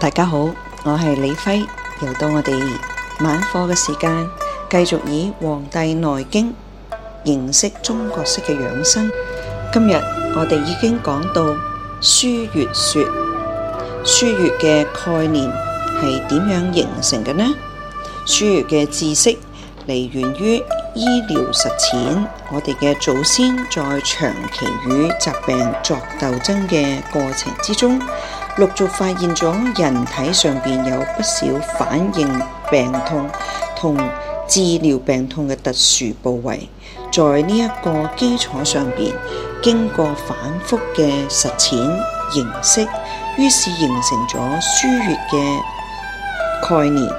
大家好，我係李輝，又到我哋晚課嘅時間，繼續以《黃帝內經》認識中國式嘅養生。今日我哋已經講到腧穴說，腧穴嘅概念係點樣形成嘅呢？腧穴嘅知識嚟源於醫療實踐，我哋嘅祖先在長期與疾病作鬥爭嘅過程之中。陸續發現咗人體上邊有不少反應病痛同治療病痛嘅特殊部位，在呢一個基礎上邊，經過反覆嘅實踐認識，於是形成咗腧穴嘅概念。腧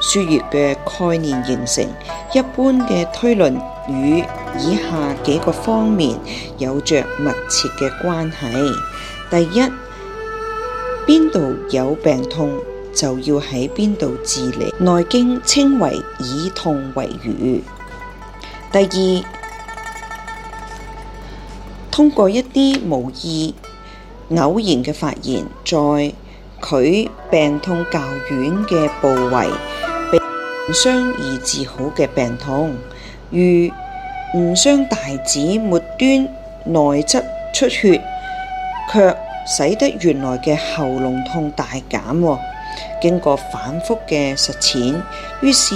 穴嘅概念形成，一般嘅推論與以下幾個方面有着密切嘅關係。第一。邊度有病痛，就要喺邊度治療。內經稱為以痛為腧。第二，通過一啲無意偶然嘅發現，在佢病痛較遠嘅部位，被誤傷而治好嘅病痛，如誤傷大指末端內側出血，卻。使得原來嘅喉嚨痛大減。經過反覆嘅實踐，於是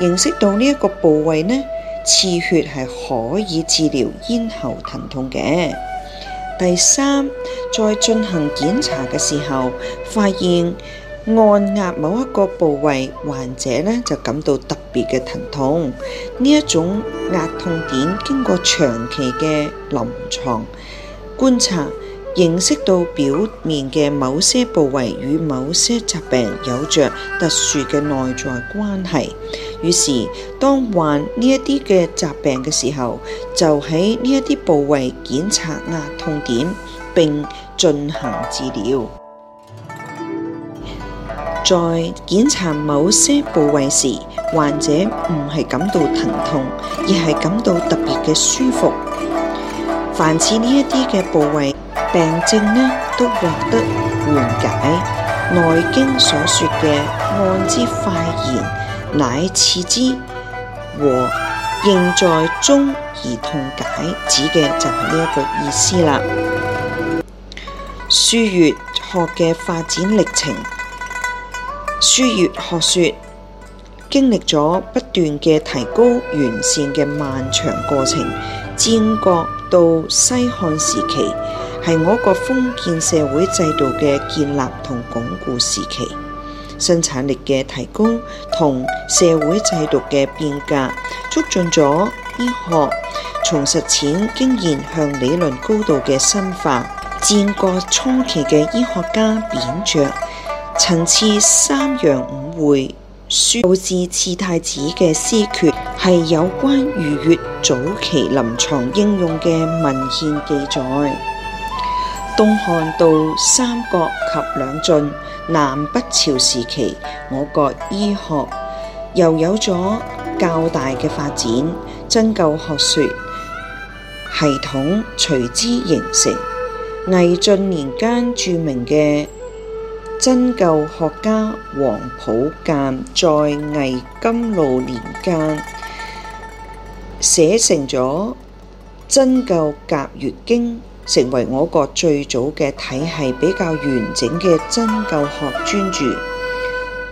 認識到呢一個部位呢刺血係可以治療咽喉疼痛嘅。第三，在進行檢查嘅時候，發現按壓某一個部位，患者呢就感到特別嘅疼痛。呢一種壓痛點，經過長期嘅臨床觀察，認識到表面嘅某些部位與某些疾病有著特殊嘅內在關係，於是當患呢一啲嘅疾病嘅時候，就喺呢一啲部位檢查壓痛點並進行治療。在檢查某些部位時，患者唔係感到疼痛，而係感到特別嘅舒服。凡是呢一啲嘅部位病症呢，都獲得緩解。《內經》所說嘅按之快然，乃次之和應在中而痛解，指嘅就係呢一個意思啦。腧穴學嘅發展歷程，腧穴學說經歷咗不斷嘅提高、完善嘅漫長過程，戰國。到西漢時期，係我國封建社會制度嘅建立同鞏固時期，生產力嘅提高同社會制度嘅變革，促進咗醫學從實踐經驗向理論高度嘅深化。戰國初期嘅醫學家扁鵲，曾刺三陽五會。《書注次太子嘅詩訣》係有關針灸早期臨床應用嘅文獻記載。東漢到三國及兩晉南北朝時期，我國醫學又有咗較大嘅發展，針灸學說系統隨之形成。魏晉年間著名嘅。針灸學家皇甫謐在魏晉路年間寫成咗《針灸甲乙經》，成為我國最早嘅體系比較完整嘅針灸學專著。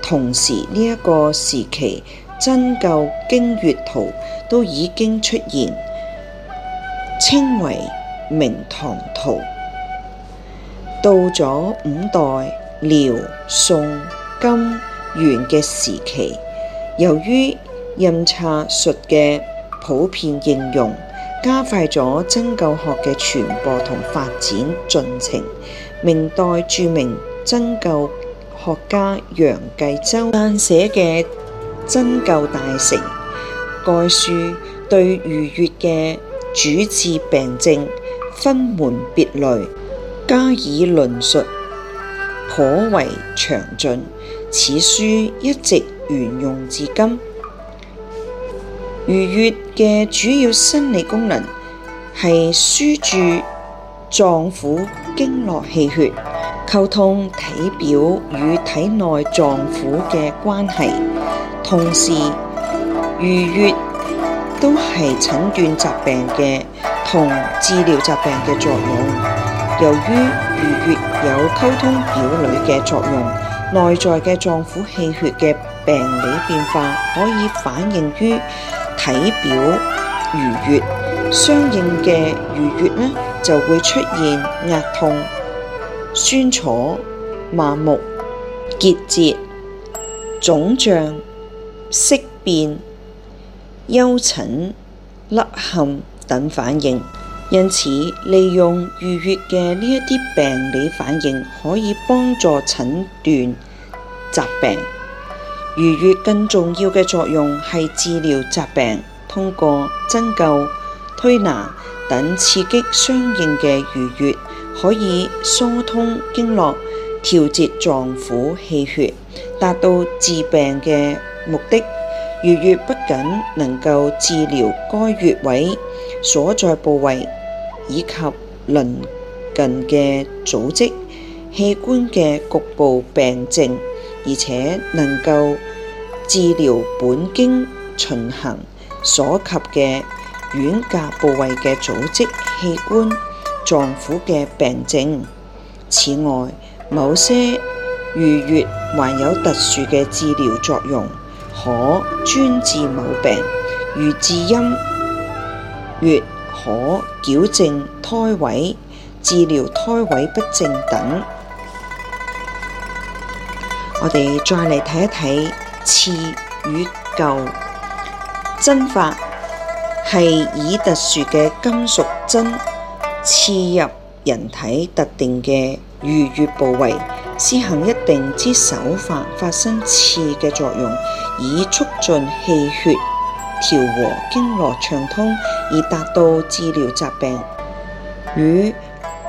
同時呢一、這個時期，針灸經穴圖都已經出現，稱為明堂圖。到咗五代。遼、宋、金、元嘅時期，由於印刷術嘅普遍應用，加快咗針灸學嘅傳播同發展進程。明代著名針灸學家楊繼洲撰寫嘅《針灸大成》，該書對腧穴嘅主治病症分門別類加以論述。頗為詳盡，此書一直沿用至今。腧穴嘅主要生理功能係輸注臟腑經絡氣血，溝通體表與體內臟腑嘅關係，同時腧穴都係診斷疾病嘅同治療疾病嘅作用。由於腧穴有溝通表裏嘅作用，內在嘅臟腑氣血嘅病理變化可以反映於體表腧穴，相應嘅腧穴呢就會出現壓痛、酸楚、麻木、結節、腫脹、色變、丘疹、凹陷等反應。因此，利用腧穴嘅呢一啲病理反應，可以幫助診斷疾病。腧穴更重要嘅作用係治療疾病，通過針灸、推拿等刺激相應嘅腧穴，可以疏通經絡、調節臟腑氣血，達到治病嘅目的。腧穴不僅能夠治療該穴位所在部位，以及鄰近嘅組織器官嘅局部病症，而且能夠治療本經循行所及嘅遠隔部位嘅組織器官臟腑嘅病症。此外，某些腧穴還有特殊嘅治療作用，可專治某病，如治陰穴可矯正胎位、治療胎位不正等，我哋再嚟睇一睇刺與灸。針法係以特殊嘅金屬針刺入人體特定嘅腧穴部位，施行一定之手法，發生刺嘅作用，以促進氣血。調和經絡暢通，以達到治療疾病與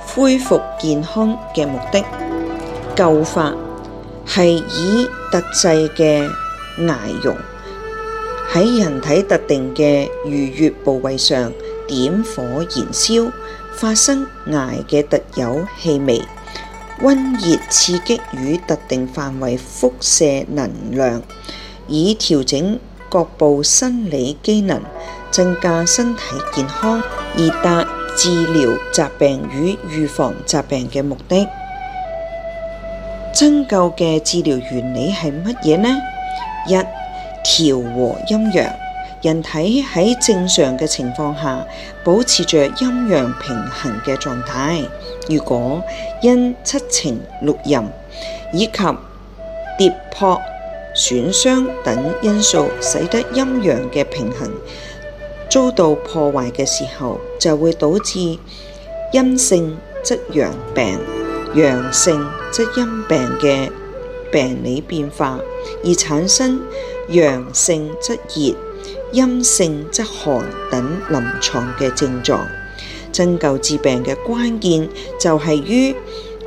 恢復健康嘅目的。灸法係以特製嘅艾絨喺人體特定嘅腧穴部位上點火燃燒，發生艾嘅特有氣味、溫熱刺激與特定範圍輻射能量，以調整。各部生理機能，增加身體健康，以達治療疾病與預防疾病嘅目的。針灸嘅治療原理係乜嘢呢？一調和陰陽，人體喺正常嘅情況下，保持著陰陽平衡嘅狀態。如果因七情六淫以及跌撲，損傷等因素，使得陰陽嘅平衡遭到破壞嘅時候，就會導致陰性則陽病、陽性則陰病嘅病理變化，而產生陽性則熱、陰性則寒等臨床嘅症狀。針灸治病嘅關鍵就係於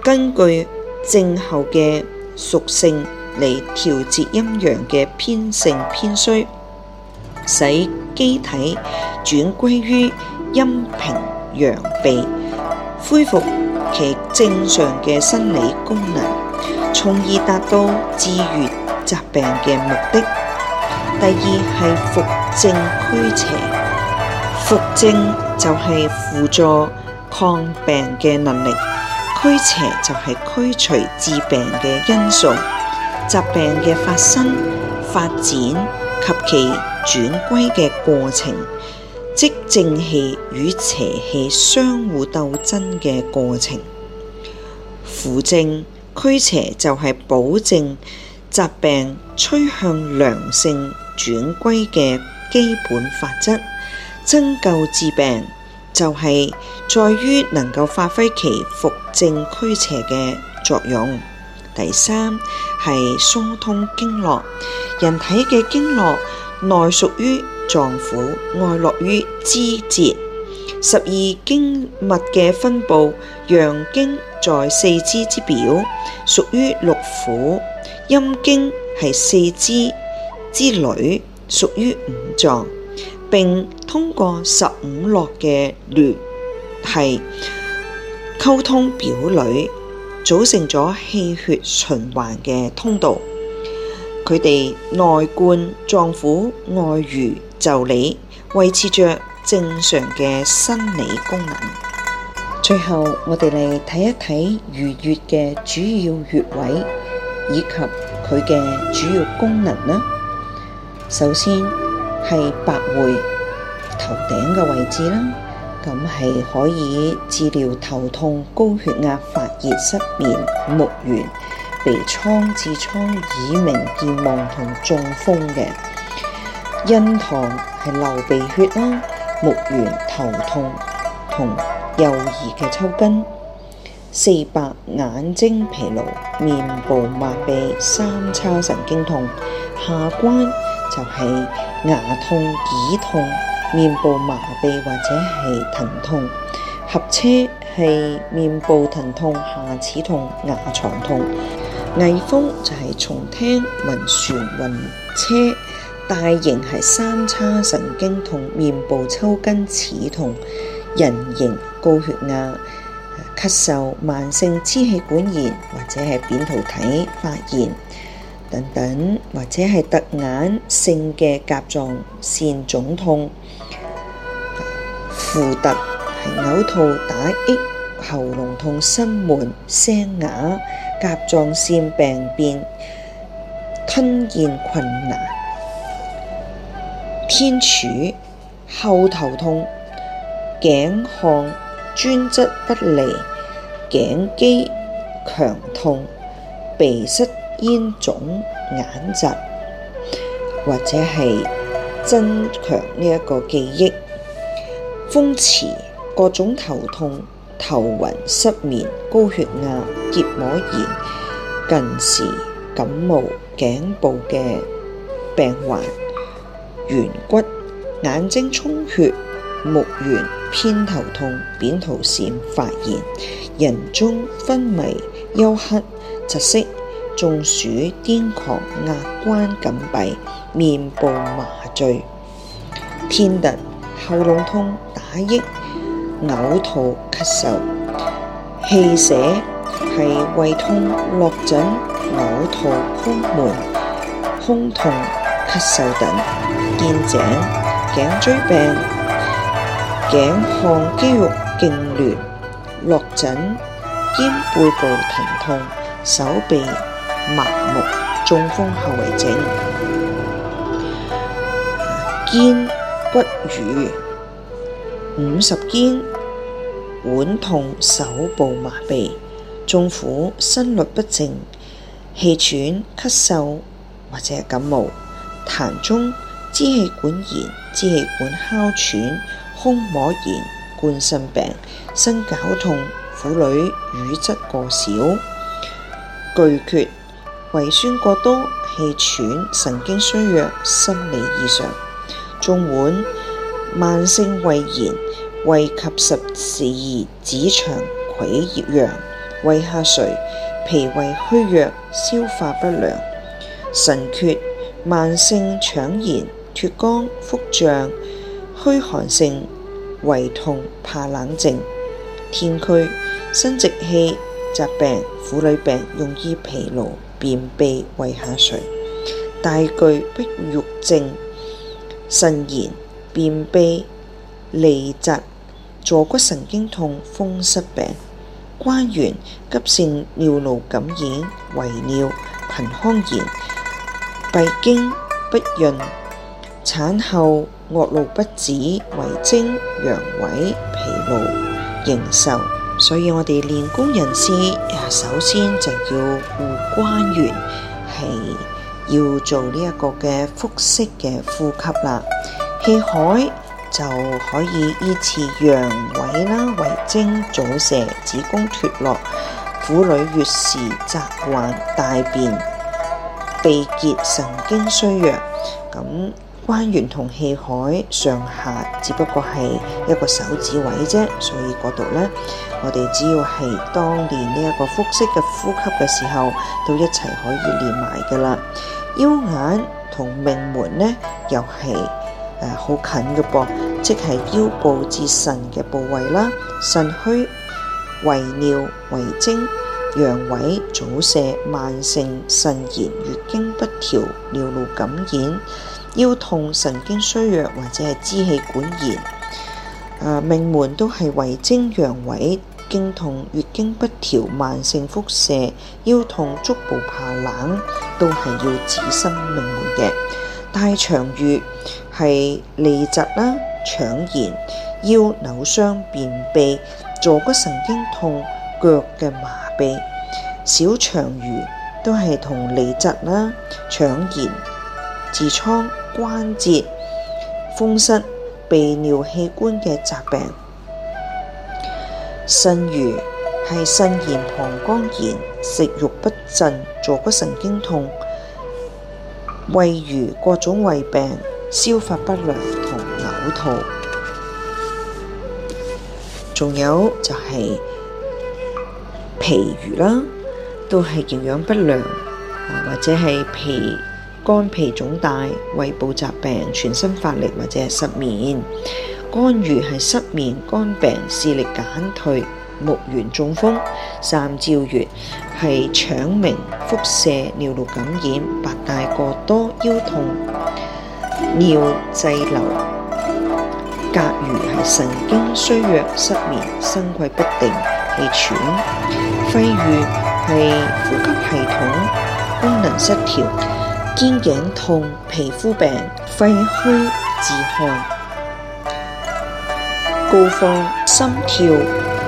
根據症候嘅屬性。嚟調節陰陽嘅偏盛偏衰，使機體轉歸於陰平陽秘，恢復其正常嘅生理功能，從而達到治愈疾病嘅目的。第二係扶正驅邪，扶正就係輔助抗病嘅能力，驅邪就係驅除致病嘅因素。疾病嘅發生、發展及其轉歸嘅過程，即正氣與邪氣相互鬥爭嘅過程。扶正驅邪就係保證疾病趨向良性轉歸嘅基本法則。針灸治病就係在於能夠發揮其扶正驅邪嘅作用。第三係疏通經絡，人體嘅經絡內屬於臟腑，外絡於肢節。十二經脈嘅分布，陽經在四肢之表，屬於六腑；陰經係四肢之裏，屬於五臟，並通過十五絡嘅聯繫溝通表裏。組成咗氣血循環嘅通道，佢哋內灌臟腑，外濡就理，維持着正常嘅生理功能。 最後，我哋嚟睇一睇腧穴嘅主要穴位以及佢嘅主要功能啦。首先係百會，頭頂嘅位置啦。咁係可以治療頭痛、高血壓、發熱、失眠、目眩、鼻瘡、痔瘡、耳鳴、健忘同中風嘅。印堂係流鼻血啦，目眩、頭痛同幼兒嘅抽筋。四白，眼睛疲勞、面部麻痹、三叉神經痛、下關就係牙痛、耳痛。面部麻痹或者係疼痛，頰車係面部疼痛、下齒痛、牙床痛。翳風就係重聽、暈船、暈車。大迎係三叉神經痛、面部抽筋、齒痛。人迎高血壓、咳嗽、慢性支氣管炎或者係扁桃體發炎。等等，或者係突眼性嘅甲狀腺腫痛、扶突、嘔吐、打嗝、喉嚨痛、心悶、聲啞、甲狀腺病變、吞嚥困難、天柱、後頭痛、頸項轉側不利、頸肌強痛、鼻塞。煙腫、眼疾，或者係增強呢一個記憶，風池各種頭痛、頭暈、失眠、高血壓、結膜炎、近視、感冒、頸部嘅病患、圓骨、眼睛充血、目眩、偏頭痛、扁桃腺發炎、人中昏迷、休克、窒息。中暑、癲狂、牙關緊閉、面部麻醉、天突、喉嚨痛、打嗝、嘔吐、咳嗽、氣舍胃痛、落枕、嘔吐、胸悶、胸痛、咳嗽等；肩頸、頸椎病、頸項肌肉痙攣、落枕、肩背部疼痛、手臂。麻木、中風後遺症、肩骨軟、五十肩、腕痛、手部麻痹、中苦、心律不正、氣喘、咳嗽或者係感冒、膻中、支氣管炎、支氣管哮喘、胸膜炎、冠心病、心絞痛、婦女乳汁過少、巨闕。胃酸過多、氣喘、神經衰弱、心理異常、中脘、慢性胃炎、胃及十二指腸潰瘍、胃下垂、脾胃虛弱、消化不良、神闕、慢性腸炎、脱肛、腹脹、虛寒性胃痛、怕冷症、天樞、生殖器。疾病、婦女病、容易疲勞、便秘、胃下垂、大具不育症、腎炎、便秘、痢疾、坐骨神經痛、風濕病、關元、急性尿路感染、遺尿、盆腔炎、閉經不孕、產後惡露不止、遺精、陽痿、疲勞、形瘦。所以我哋練功人士，首先就要護關元，係要做呢一個嘅腹式嘅呼吸啦。氣海就可以依次陽痿啦、遺精、早泄、子宮脫落、婦女月事雜患、大便秘結、神經衰弱，咁。關元同氣海上下只不過係一個手指位啫，所以嗰度呢，我哋只要係當年呢一個腹式嘅呼吸嘅時候，都一齊可以練埋噶啦。腰眼同命門呢，又係呃、好近嘅噃，即係腰部至腎嘅部位啦。腎虛、遺尿、遺精、陽痿、早泄、慢性腎炎、月經不調、尿路感染。腰痛、神經衰弱或者係支氣管炎，啊，命門都係遺精、陽痿、經痛、月經不調、慢性腹瀉、腰痛、足部怕冷，都係要治身命門嘅。大腸俞係痢疾啦、腸炎、腰扭傷、便秘、坐骨神經痛、腳嘅麻痹。小腸俞都係同痢疾啦、腸炎、痔瘡。關節風濕、泌尿器官嘅疾病。腎俞係腎炎、膀胱炎，；食欲不振、坐骨神經痛；胃俞各種胃病、消化不良同嘔吐；仲有就係脾俞啦，都係營養不良啊，或者係脾。肝脾腫大、胃部疾病、全身乏力或者係失眠；肝俞係失眠、肝病、視力減退、目眩、中風；三焦俞係腸鳴、腹瀉、尿路感染、白帶過多、腰痛、尿滯留；膈俞係神經衰弱、失眠、心悸不定、氣喘；肺俞係呼吸系統功能失調。肩頸痛、皮膚病、肺虛自汗、告放心跳、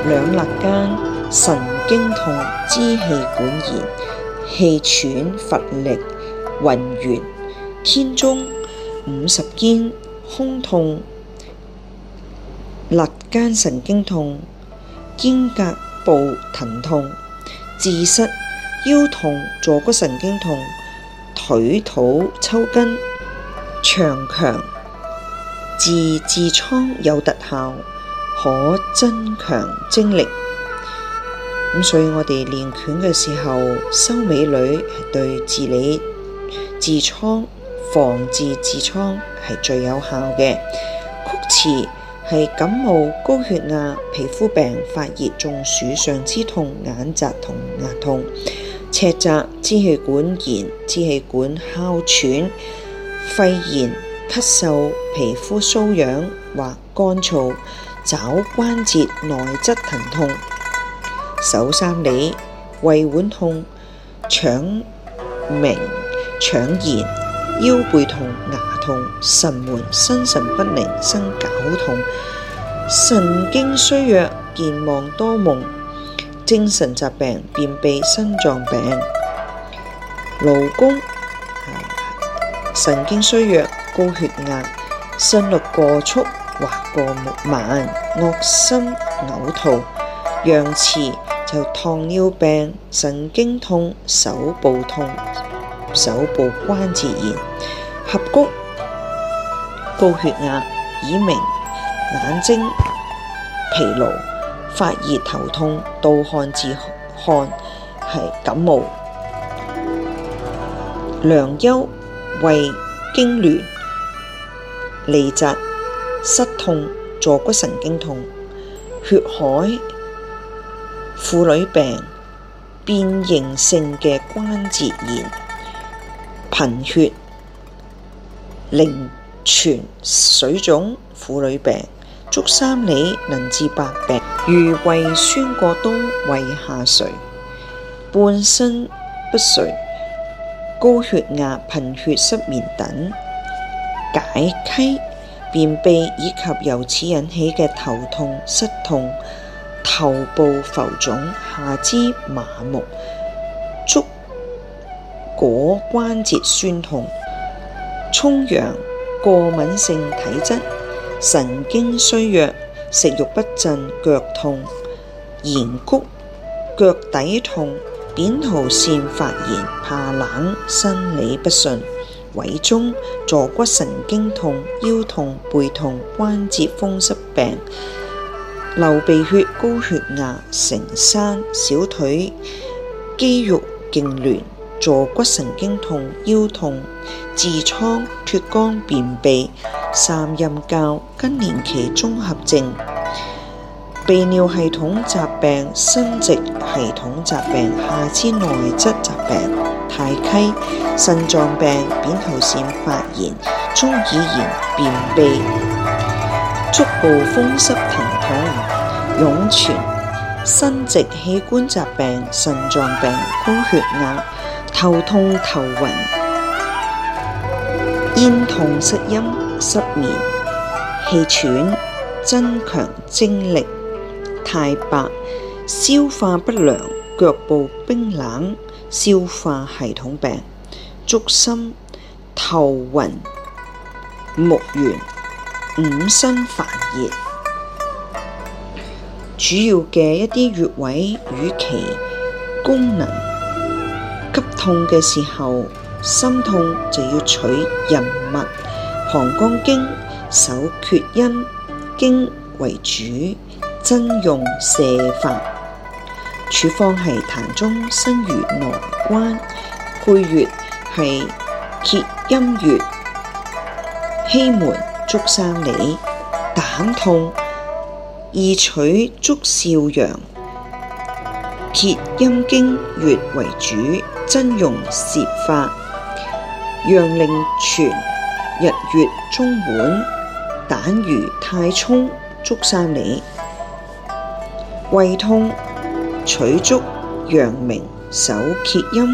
兩肋間神經痛、支氣管炎、氣喘、乏力、暈眩、天中五十肩、胸痛、肋間神經痛、肩胛部疼痛、自失、腰痛、坐骨神經痛。腿肚抽筋、腸強治痔瘡有特效，可增強精力。咁所以我哋練拳嘅時候收尾女係對治理痔瘡、防治痔瘡係最有效嘅。曲池係感冒、高血壓、皮膚病、發熱、中暑、上肢痛、眼疾同牙痛。尺澤、支氣管炎、支氣管哮喘、肺炎、咳嗽、皮膚瘙癢或乾燥、肘關節內側疼痛、手三里、胃脘痛、腸鳴、腸炎、腰背痛、牙痛、牙痛神門、心神不寧、心絞痛、神經衰弱、健忘多夢。精神疾病、便秘、心臟病、勞宮、啊、神經衰弱、高血壓、心率過速或過慢、惡心、嘔吐、陽池就糖尿病、神經痛、手部痛、手部關節炎、合谷、高血壓、耳鳴、眼睛疲勞。發熱頭痛、盜汗、自汗係感冒，梁丘胃痙攣、痢疾、膝痛、坐骨神經痛、血海、婦女病、變形性嘅關節炎、貧血、陵泉水腫、婦女病。足三里能治百病，如胃酸過多、胃下垂、半身不遂、高血壓、貧血、失眠等；解溪、便秘以及由此引起嘅頭痛、失痛、頭部浮腫、下肢麻木、足踝關節痠痛、衝陽、過敏性體質。神經衰弱、食欲不振、腳痛、然谷、腳底痛、扁桃腺發炎、怕冷、生理不順、委中、坐骨神經痛、腰痛、背痛、關節風濕病、流鼻血、高血壓、承山、小腿肌肉痙攣、坐骨神經痛、腰痛、痔瘡、脫肛、便秘。三陰交、更年期綜合症、泌尿系統疾病、生殖系統疾病、下肢內側疾病、太溪、腎臟病、扁桃腺發炎、中耳炎、便秘、足部風濕疼痛、湧泉、生殖器官疾病、腎臟病、高血壓、頭痛頭暈、咽痛、失音。失眠、氣喘、增強精力、太白、消化不良、腳部冰冷、消化系統病、足心、頭暈、目眩、五心煩熱，主要嘅一啲穴位與其功能。急痛嘅時候，心痛就要取人脈。膀胱經、手厥陰經為主，針用瀉法。處方係膻中、心俞、內關，配穴係厥陰俞。郄門、足三里。膽痛，宜取足少陽、厥陰經穴為主，針用瀉法。陽陵泉。日月中脘、膽俞太衝、足三里；胃痛取足陽明、手厥陰、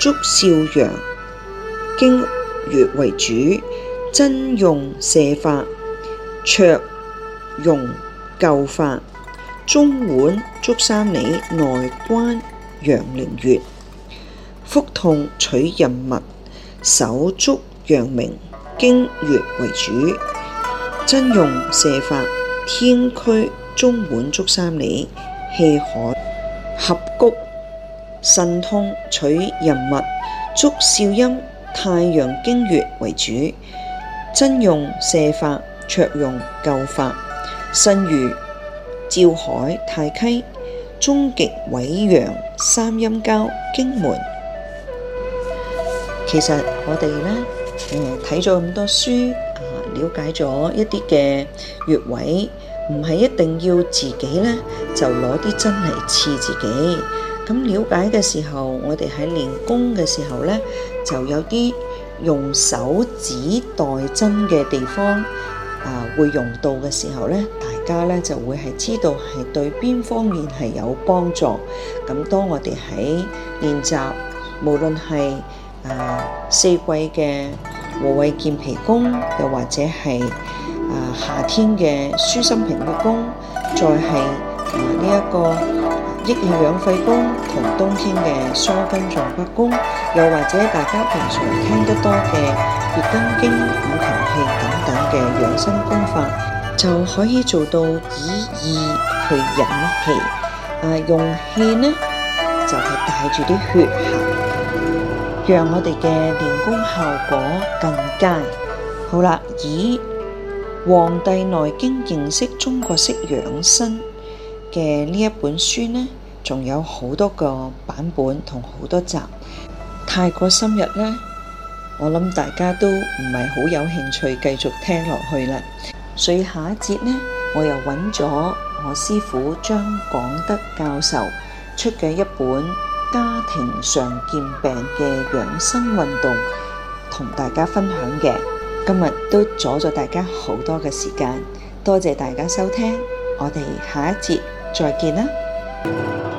足少陽經穴為主，針用瀉法，酌用灸法。中脘、足三里、內關、陽陵穴；腹痛取任脈、手足陽明。經穴為主，針用瀉法；天樞中脘足三里、氣海、合谷、腎通取任脈、足少陰、太陽經穴為主，針用瀉法，酌用灸法。腎俞、照海、太溪、中極、委陽、三陰交、京門。其實我哋呢。誒，睇咗咁多書，啊，了解咗一啲嘅穴位，唔係一定要自己呢就攞啲針嚟刺自己。咁了解嘅時候，我哋喺練功嘅時候呢，就有啲用手指代針嘅地方，啊，會用到嘅時候呢，大家呢就會係知道係對邊方面係有幫助。咁當我哋喺練習，無論係。啊、呃，四季嘅和胃健脾功，又或者係啊、呃、夏天嘅舒心平逆功，再係啊呢一個益氣養肺功，同冬天嘅疏筋壯骨功，又或者大家平常聽得多嘅八段錦五禽戲等等嘅養生功法，就可以做到以意去引氣，啊、呃、用氣呢就係帶住啲血行。讓我哋嘅練功效果更佳。好啦，以《黃帝內經》認識中國式養生嘅呢一本書呢，仲有好多個版本同好多集，太過深入呢，我諗大家都唔係好有興趣繼續聽落去啦。所以下一節呢，我又揾咗我師傅張廣德教授出嘅一本。家庭常見病嘅養生運動，同大家分享嘅。今日都阻咗大家好多嘅時間，多謝大家收聽，我哋下一節再見啦。